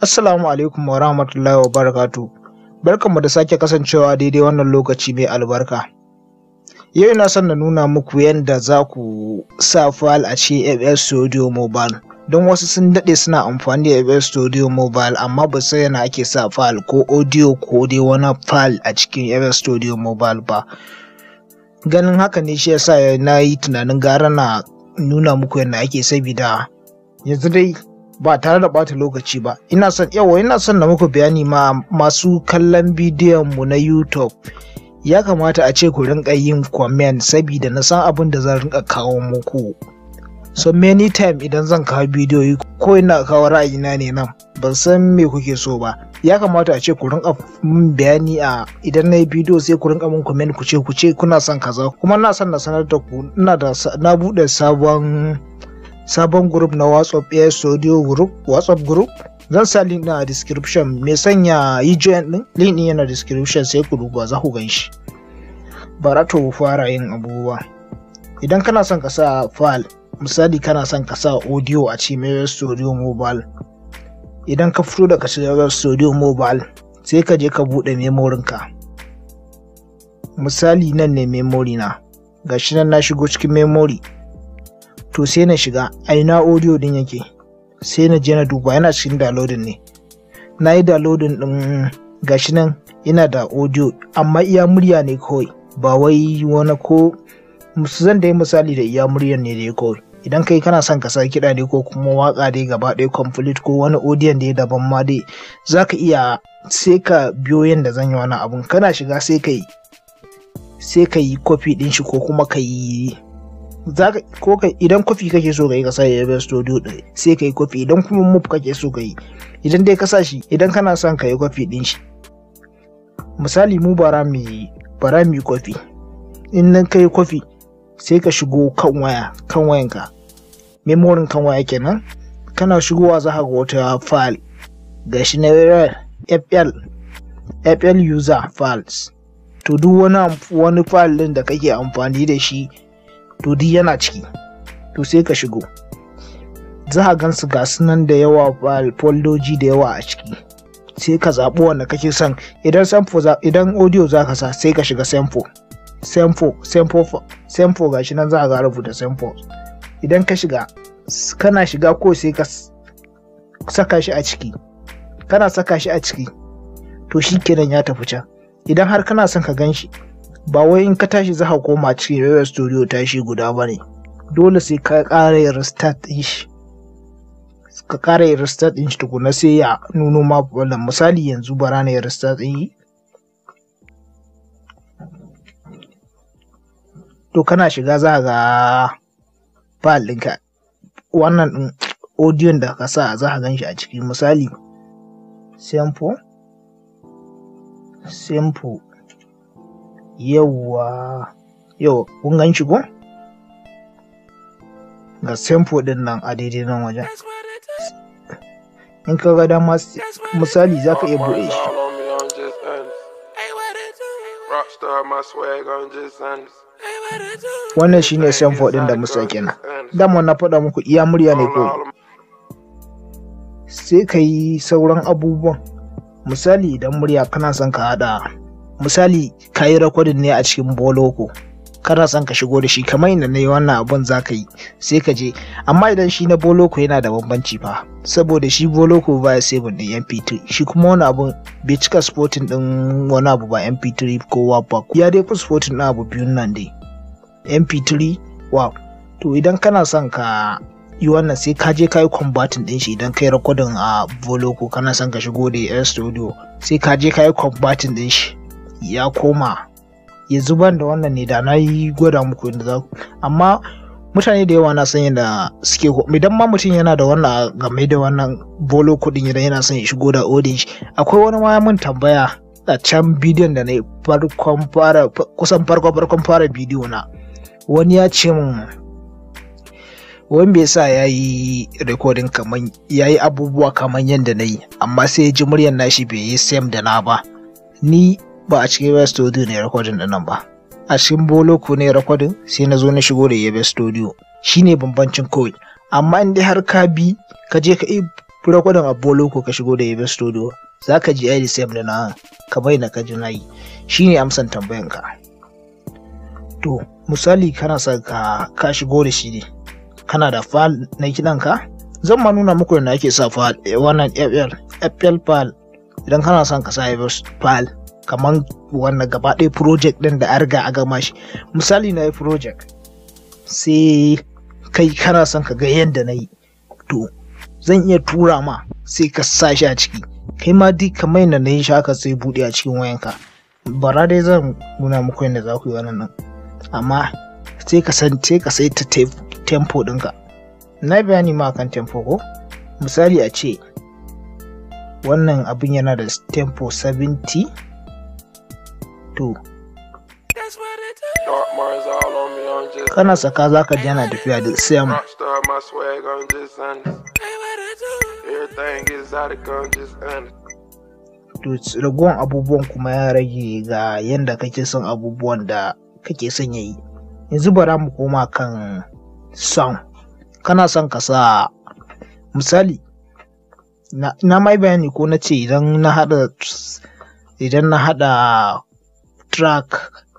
Assalamu alaikum wa rahmatullahi wa barakatu. Barkanmu da sake kasancewa daidai wannan lokaci mai albarka. Yau na son na nuna muku yadda za ku sa file a MS Studio Mobile. don wasu sun daɗe suna amfani da FL Studio Mobile amma ba sai yana ake sa file ko audio ko dai wani file a cikin FL Studio Mobile ba. Ganin haka ne shi yasa na yi tunanin gara na nuna muku yana ake sabida yanzu dai ba tare da ɓata lokaci ba ina son yawa ina son na muku bayani ma masu kallon bidiyon mu na YouTube ya kamata a ce ku rinka yin comment sabida na san abin da zan rinka kawo muku. So many time idan zan kawo bidiyoyi ko ina kawo ra'ayina ne nan ban san me kuke so ba. Ya kamata a ce ku rinka mun bayani a idan na yi bidiyo sai ku rinka mun comment ku ce ku ce kuna son kaza kuma na son na sanar da ku ina da na buɗe sabon sabon group na WhatsApp Air Studio group WhatsApp group zan sa link na description me sanya yi join din link din yana description sai ku duba za ku gan shi. Bara fara yin abubuwa. Idan kana son ka sa file misali kana son ka sa audio a cikin studio mobile idan ka fito daga cikin studio mobile sai ka je ka buɗe memorin ka, misali nan ne memory na gashi nan na shigo cikin memory to sai na shiga aina audio din yake sai na je na duba yana cikin downloading ne na yi downloading din gashi nan yana da audio amma iya murya ne kawai ba wai wani ko zan da yi misali da iya muryar ne ya kawai idan kai kana son ka sai kiɗa ne ko kuma waka dai gaba ɗaya complete ko wani odiyon da ya daban ma dai za ka iya sai ka biyo yadda zan yi wani abun kana shiga sai ka yi sai ka yi kofi ɗin shi ko kuma ka yi ko ka idan kofi kake so ka yi ka sa ya studio ɗin sai ka yi kofi idan kuma move kake so ka yi idan dai ka sa shi idan kana son ka yi kofi ɗin shi misali mu bara mu bara mu kofi in nan ka yi kofi sai ka shigo kan waya kan wayanka memorin kan waya kenan kana shigowa za ka ga wata file ga shi na fl fl user files to duk wani wani file din da kake amfani da shi to duk yana ciki to sai ka shigo za ka gan su gasu nan da yawa foldoji da yawa a ciki sai ka zaɓi wanda kake son idan sample idan audio za ka sa sai ka shiga sample sample sample sample gashi nan za ka ga rubuta sample idan ka shiga kana shiga ko sai ka saka shi a ciki kana saka shi a ciki to shi kenan ya tafi can idan har kana son ka gan shi ba wai in ka tashi za ka koma cikin rayuwar studio tashi guda ba ne dole sai ka ƙara yin restart din shi ka ƙara yin restart din shi tukuna sai ya nuno ma wannan misali yanzu ba rana yin restart din to kana shiga za ga file ɗinka wannan ɗin audio da ka sa za ka ganshi a ciki misali sample sample yawwa yau kun ganshi ko ga sample ɗin nan a daidai nan wajen in ka ga dama misali za ka iya buɗe shi Rockstar, my swag on just Wannan shine samfo ɗin da Musa kenan. Dama na faɗa muku iya murya ne ko. Sai ka yi sauran abubuwan. Misali idan murya kana son ka haɗa. Misali ka yi rekodin ne a cikin boloko. kana son ka shigo da shi kamar yadda na yi wannan abun za ka yi sai ka je amma idan shi na boloko yana da bambanci fa saboda shi boloko ba ya sai din mp3 shi kuma wani abun bai cika sporting din wani abu ba mp3 ko wapak ya dai fi sporting din abu biyun nan dai mp3 wow to idan kana son ka yi wannan sai ka je ka yi combatin din shi idan kai rakodin a volo ko kana son ka shigo da air studio sai ka je ka yi combatin din shi ya koma ya zuban da wannan ne da na yi gwada muku yadda za amma mutane da yawa na son yana suke idan ma mutum yana da wannan game da wannan volo kudin idan yana son ya shigo da odin shi akwai wani ma mun tambaya a can bidiyon da na yi kusan farkon farkon fara bidiyo na wani ya ce min wani bai sa ya yi rikodin kaman ya yi abubuwa kaman yadda na yi amma sai ya ji muryar nashi bai yi same da na ba ni ba a cikin west studio ne rikodin nan ba a cikin boloko ne rikodin sai na zo na shigo da yabe studio shine bambancin kawai amma in har ka bi ka je ka yi rikodin a boloko ka shigo da yabe studio za ka ji ai same da na ka bai na ka ji na yi shine amsan tambayanka to misali kana sa ka, ka shigo da shi ne kana da file na kiɗan ka zan ma nuna muku yadda ake sa file eh, wannan fl fl file idan kana son ka sa file kamar wannan gaba ɗaya project ɗin da arga riga a gama shi misali na yi project sai kai kana son ka ga yadda na yi to zan iya tura ma sai ka sa shi a ciki kai ma duk kamar yadda na yi shaka sai buɗe a cikin wayanka bara dai zan nuna muku yadda za ku yi wannan amma sai ka san sai ka sai ta tempo ɗinka na bayani ma kan tempo ko misali a ce wannan abin yana da tempo 70 to kana saka za ka jana tafiya da sam to raguwan abubuwan kuma ya rage ga yadda kake son abubuwan da kake son ya yi yanzu bara mu koma kan son. kana son ka sa misali na mai bayani ko na ce idan na hada idan na hada track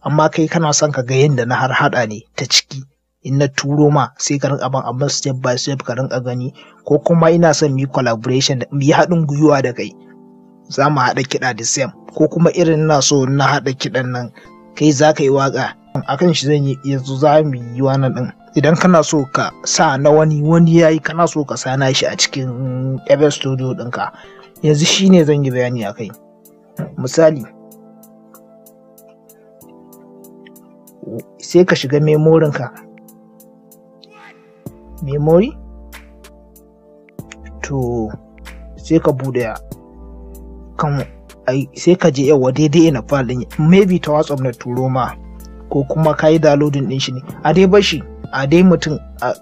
amma kai kana son ka ga yadda na har hada ne ta ciki in na turo ma sai ka rinka ban amma step by step ka rinka gani ko kuma ina son mu collaboration da haɗin gwiwa da kai za mu haɗa kiɗa da same ko kuma irin na so na haɗa kiɗan nan kai za ka yi waƙa akan shi zan yi yanzu za mu yi wannan ɗin idan kana so ka sa na wani wani ya yi kana so ka sa na shi a cikin FL Studio ɗinka yanzu shi ne zan yi bayani a kai misali sai ka shiga memorinka memory to sai ka buɗe kan ai sai ka je yawa daidai ina file din maybe ta WhatsApp na turo ma ko kuma ka yi downloading din shi ne a dai bashi a dai mutum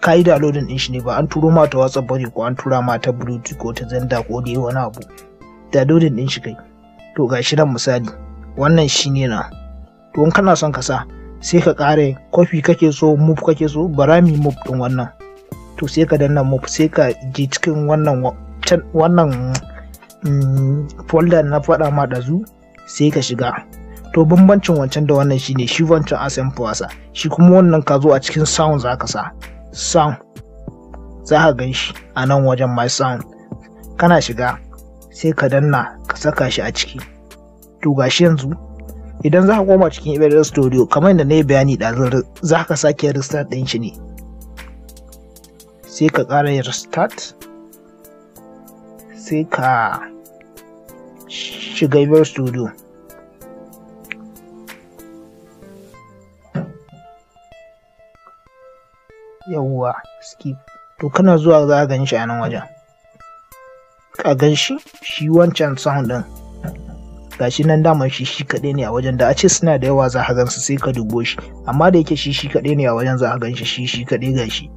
ka yi downloading din shi ne ba an turo ma ta WhatsApp ba ko an tura ma ta Bluetooth ko ta zanda, ko dai wani abu downloading din shi kai to gashi nan misali wannan shine na to in kana son ka sa sai ka kare kofi kake so move kake so barami move din wannan to sai ka danna move sai ka je cikin wannan wannan Mm, folder na faɗa ma ɗazu sai ka shiga to bambancin wancan da wannan shine shi wancan asan wasa shi kuma wannan ka zo a cikin sound za ka sa sound za ka gan shi a nan wajen my sound kana shiga sai ka danna ka saka shi a ciki to gashi yanzu idan za ka koma cikin ibadar studio kamar da na yi bayani ɗazin za ka sake restart ɗin shi ne sai ka ƙara restart sai ka shiga Visual Studio. Yawwa, skip. To kana zuwa za a gan shi a nan wajen. Ka gan shi, shi wancan sound ɗin. Gashi nan daman shi shi kaɗai ne a wajen da a ce suna da yawa za a gan su sai ka dubo shi. Amma da yake shi shi kaɗai ne a wajen za a gan shi shi shi kaɗai gashi.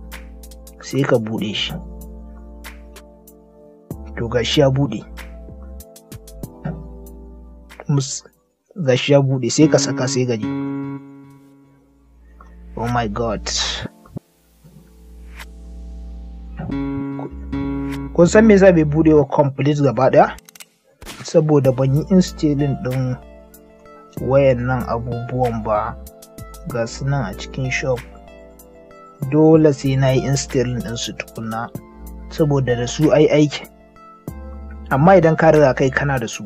Sai ka buɗe shi. to gashi ya bude gashi ya bude sai ka saka sai gaji oh my god kun san me yasa bai bude wa complete gaba daya saboda ban yi instilling din wayan nan abubuwan ba ga su nan a cikin shop dole sai na yi instilling din su tukuna saboda da su ai aiki amma idan ka riga kai kana da su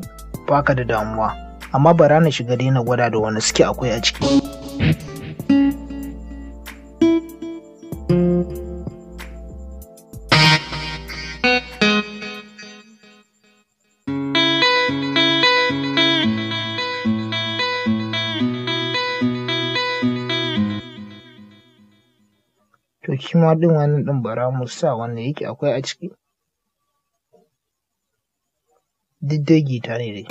baka da damuwa amma bara na shiga daina gwada da wani suke akwai a ciki To ɗin wani ɗin bara mu sa wanda yake akwai a ciki. di digital ini.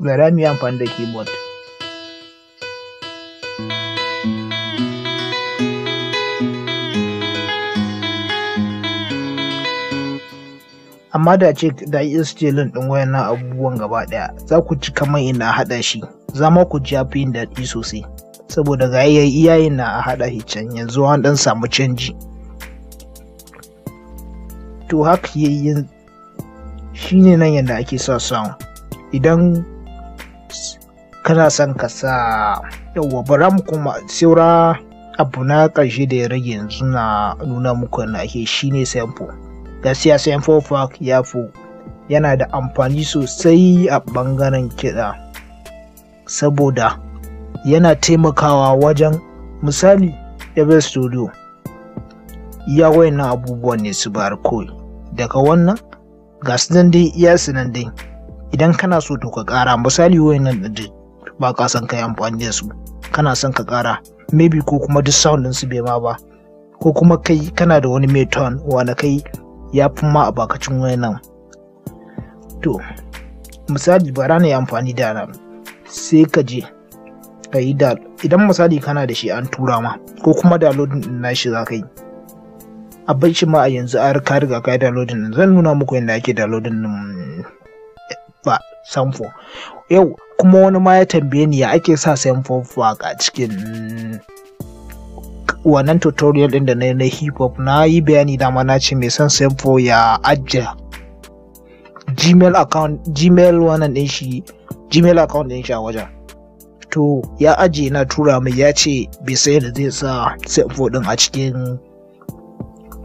Kendaraan yang pandai keyboard. amma da ce da iya lin ɗin wayannan abubuwan gaba ɗaya za ku ci kamar ina haɗa shi za ma ku ji yafi yin daɗi sosai saboda ga iyayen na a haɗa shi can yanzu an ɗan samu canji to haka yayin shi ne nan yadda ake sa sound idan kana son ka sa yawa baram kuma saura abu na ƙarshe da ya rage yanzu na nuna muku na ake shine sample gaskiya saint Park ya fi yana da amfani sosai a ɓangaren kiɗa saboda yana taimakawa wajen misali Ebe Studio iya wayannan abubuwan ne su bar kawai daga wannan ga su nan dai iya su nan dai idan kana so to ka ƙara misali wayannan da ba ka san ka yi amfani da su kana son ka ƙara maybe ko kuma duk sound su bai ma ba ko kuma kai kana da wani meton, wani kai ya fi ma a bakacin wayannan to misali bara na yi amfani da nan sai ka je ka yi da idan misali kana da shi an tura ma ko kuma downloading na shi za ka yi a shi ma a yanzu a ka riga ka yi downloading nan. zan nuna muku yadda ake downloading nan ba samfo yau kuma wani ma ya tambaye ni ya ake sa samfo a cikin wannan tutorial din da na na hip hop na yi bayani dama na ce mai son sample ya ajiye gmail account gmail wannan din shi gmail account din shi a wajen to ya ajiye na tura mai ya ce bai sai da zai sa sample ɗin a cikin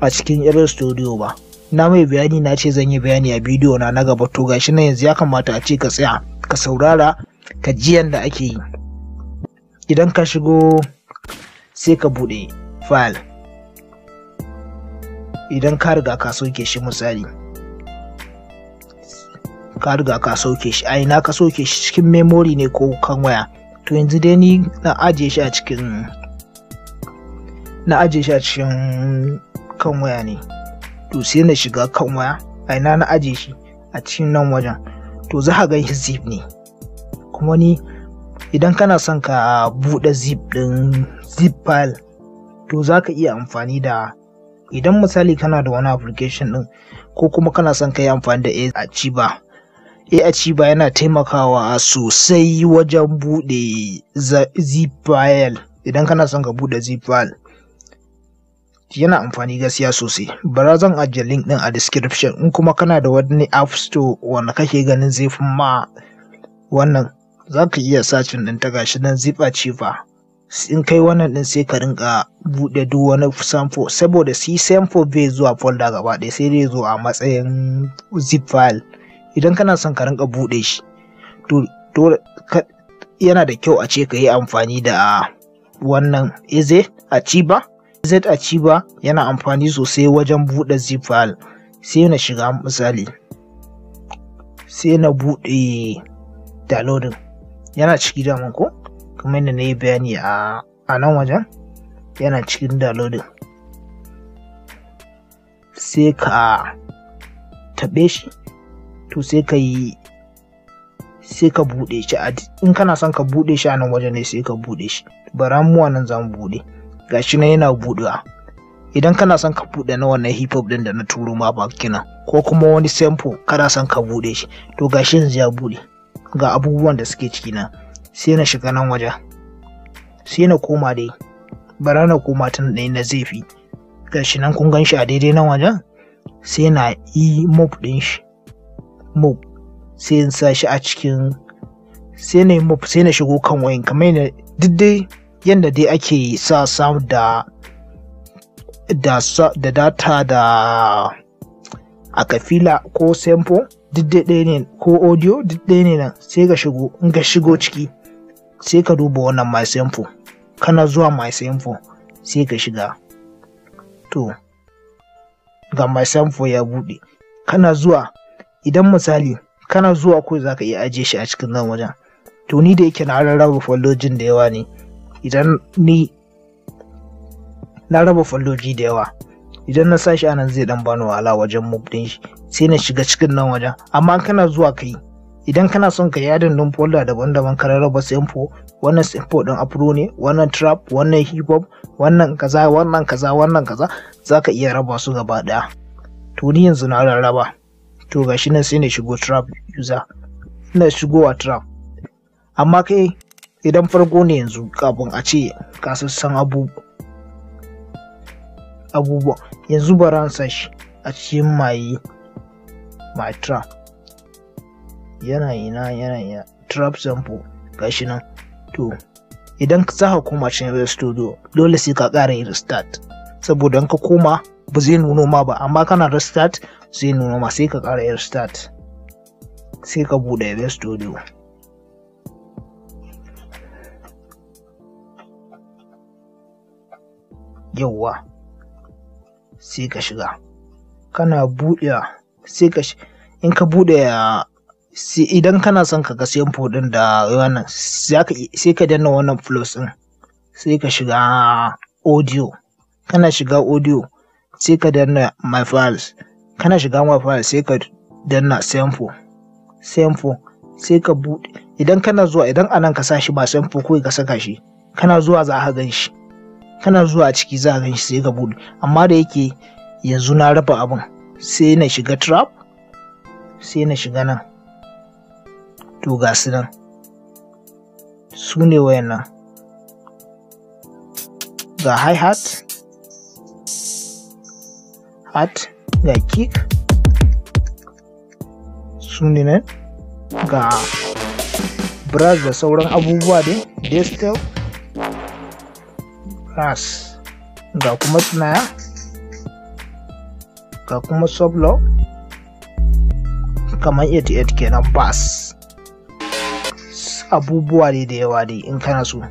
a cikin irin studio ba na mai bayani na ce zan yi bayani a bidiyo na na gaba to gashi na yanzu ya kamata a ce ka tsaya ka saurara ka ji yanda ake yi idan ka shigo sai ka buɗe file idan ka riga ka soke shi misali ka riga ka soke shi ai na ka soke shi cikin memory ne ko kan waya to yanzu dai ni na ajiye shi a cikin na ajiye shi a cikin kan waya ne to sai na shiga kan waya ai na na ajiye shi a cikin nan wajen to za ka ga zip ne kuma ni idan kana son ka buɗe zip ɗin zip file to za ka iya amfani da idan misali kana da wani application ɗin ko kuma kana son ka yi amfani da Achiba. achieve yana taimakawa sosai wajen buɗe zip file idan kana son ka buɗe zip file yana amfani gaskiya sosai bara zan ajiye link ɗin a description in kuma kana da wani app store wanda kake ganin zai fi ma wannan za ka iya sacin ɗin ta gashi nan zip achiever in kai wannan din sai ka rinka buɗe duk wani samfo saboda shi samfo bai zuwa folder gaba ɗaya sai dai zo a matsayin zip file idan kana son ka rinka buɗe shi to yana da kyau a ce ka yi amfani da wannan eze aciba z achiever yana amfani sosai wajen buɗe zip file sai na shiga misali sai na buɗe downloading yana ciki daman ko Kuma yadda na yi bayani a nan wajen yana cikin downloading sai ka taɓe shi to sai ka yi sai ka buɗe shi a in kana son ka buɗe shi a nan wajen ne sai ka buɗe shi bara mu nan za mu buɗe shi nan yana buɗewa idan kana son ka buɗe na wannan hip hop din da na turo ma ba kina ko kuma wani sample kana son ka buɗe shi to ga gashi yanzu ya buɗe ga abubuwan da suke ciki nan sai na shiga nan waje sai na koma dai bara na koma tun ɗaya na zai fi gashi nan kun ganshi a daidai nan wajen sai na yi mop ɗin shi mop sai in sa shi a cikin sai na yi mop sai na shigo kan wayan kamar yadda duk dai yadda dai ake sa sam da da da data da a kafila ko sample duk dai ɗaya ne ko audio duk ne nan sai ga shigo in ga shigo ciki sai ka duba wannan my simple kana zuwa my simple sai ka shiga to ga my simple ya buɗe kana zuwa idan misali kana zuwa ko za ka iya ajiye shi a cikin nan wajen to ni da yake na rarraba fallojin da yawa ne idan ni na raba falloji da yawa idan na sashi anan zai dan bani wahala wajen mu din shi sai na shiga cikin nan wajen amma kana zuwa kai idan kana son ka yadin din folder daban-daban ka rarraba sample wannan sample din afro ne wannan trap wannan hip hop wannan kaza wannan kaza wannan kaza zaka iya raba su gaba daya to ni yanzu na rarraba to gashi nan sai na shigo trap user ina shigowa trap amma kai idan farko ne yanzu kafin a ce ka san abubuwa yanzu bara sa shi a cikin maye my trap yana ina yana ina trap sample gashi nan to idan za ka koma cikin studio dole sai ka ƙara yin restart saboda ka koma ba zai nuno ma ba amma kana restart zai nuno ma sai ka ƙara yin restart sai ka buɗe real studio yauwa sai ka shiga kana buɗe sai ka in ka buɗe idan kana son ka ga sample ɗin da wannan sai ka danna wannan plus ɗin sai ka shiga audio kana shiga audio sai ka danna my files kana shiga my files sai ka danna sample sample sai ka buɗe idan kana zuwa idan anan ka sa shi ba sample kawai ka saka shi kana zuwa za ka gan shi kana zuwa a ciki za ka gan shi sai ka buɗe amma da yake yanzu na raba abin sai na shiga trap sai na shiga nan to ga su nan su ne wayannan ga hi hat hat ga kick su ne nan ga brass da sauran abubuwa dai distal ras ga kuma snare ga kuma sublock kamar 88 kenan bass abubuwa ne da yawa dai in kana so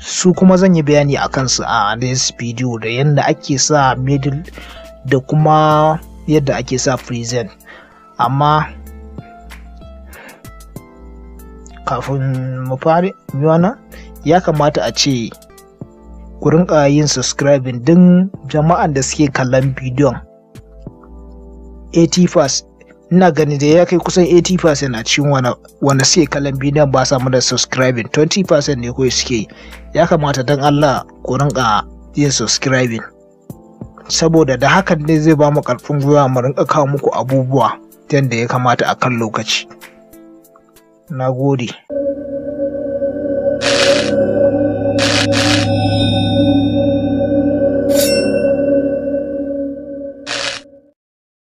su kuma zan yi bayani a kansu a this video da yadda ake sa middle da kuma yadda ake sa present amma kafin mu fare ya kamata a ce ku rinka yin subscribing din jama'an da suke kallon bidiyon 80% ina ganin da ya kai kusan 80% a cikin wani suke kallon bidiyon ba samu da subscribing 20% ne kawai suke ya kamata don Allah ku rinka yin subscribing saboda da hakan ne zai ba mu karfin gwiwa mu rinka kawo muku abubuwa yadda ya kamata a kan lokaci na gode